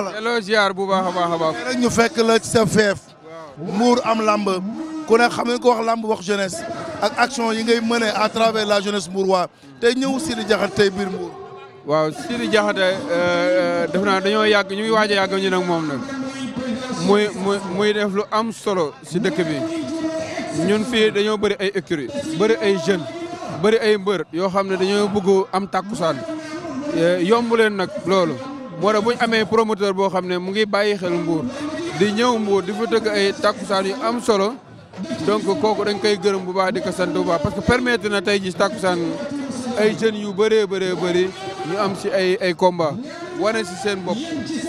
delloo ziar bu baax a baax a baax. ñu fekk la ci sa feef. muur am lamb ku ne xam ne ko wax lamb wax jeunesse ak action yi ngay mëne à travers la jeunesse mbuur waa tey ñëw Sidi Diakhaté tey biir mbuur waaw Sidi Diakhaté euh, euh, def naa dañoo yàgg ñu ngi waaj yàgg ñu nag moom nag muy muy muy def lu am solo si dëkk bi ñun fii dañoo bëri ay écurie bëri ay jeunes bëri ay mbër yoo xam ne dañoo bëgg am tàkkusaan euh, yomb nag loolu moo tax bu amee promoteur boo xam ne mu ngi bàyyi xel mbuur di ñëw mbuur di fa tëgg ay takkusaan yu am solo donc kooku dañ koy gërëm bu baax di ko sant bu baax parce que permettre na tey jii takkusaan ay jeunes yu bëree bëree bëri ñu am si ay ay combat wane si seen bopp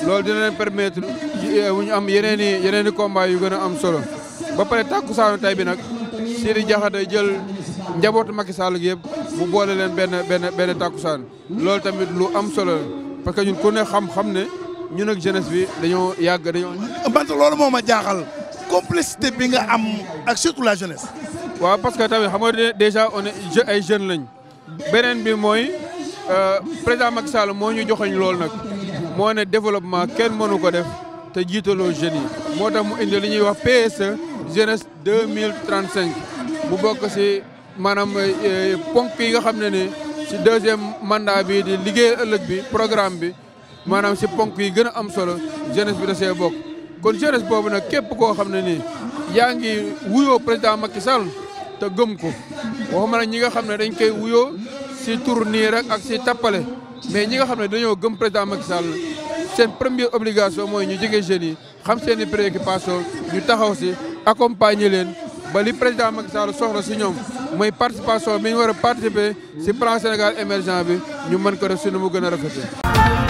loolu dina leen permettre ñu am yeneen i yeneen i combat yu gën a am solo ba pare takkusaanu tay bi nag Sidi Diakhaté jël njabootu Macky Sall gi yëpp mu boole leen benn benn benn takkusaan loolu tamit lu am solo parce que ñun ku ne xam-xam ne ñun ak jeunesse bi dañoo yag dañoo. man loolu moo ma jaaxal complicité bi nga am ak surtout la jeunesse. wa parce que tamit xam nga déjà on est je ay jeunes lañ benen bi mooy euh, président Macky Sall mo ñu joxoñ loolu nak mo né développement kenn mënu ko def te jitalo jeunes yi moo mu indi li ñuy wax PSE jeunesse 2035 bu bok ci manam euh, ponk yi nga xamné ne si deuxième mandat bii di liggéeyal ëllëg bi programme bi maanaam ci ponk yi gën a am solo jeunesse bi da see bokk. kon jeunesse boobu nag képp koo xam ne nii yaa ngi wuyoo président Macky Sall te gëm ko waxuma nag ñi nga xam ne dañ koy wuyoo si tur nii rek ak si tappale mais ñi nga xam ne dañoo gëm président Macky Sall seen premier obligation mooy ñu jege jeunes yi xam seen i préoccupation ñu taxaw si accompagner leen ba li président Macky Sall soxla si ñoom. mooy participation bi ñu war a participer ci plan Sénégal émergent bi ñu mën ko def ci nu mu gën a rafetee.